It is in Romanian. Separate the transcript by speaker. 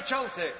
Speaker 1: Chelsea.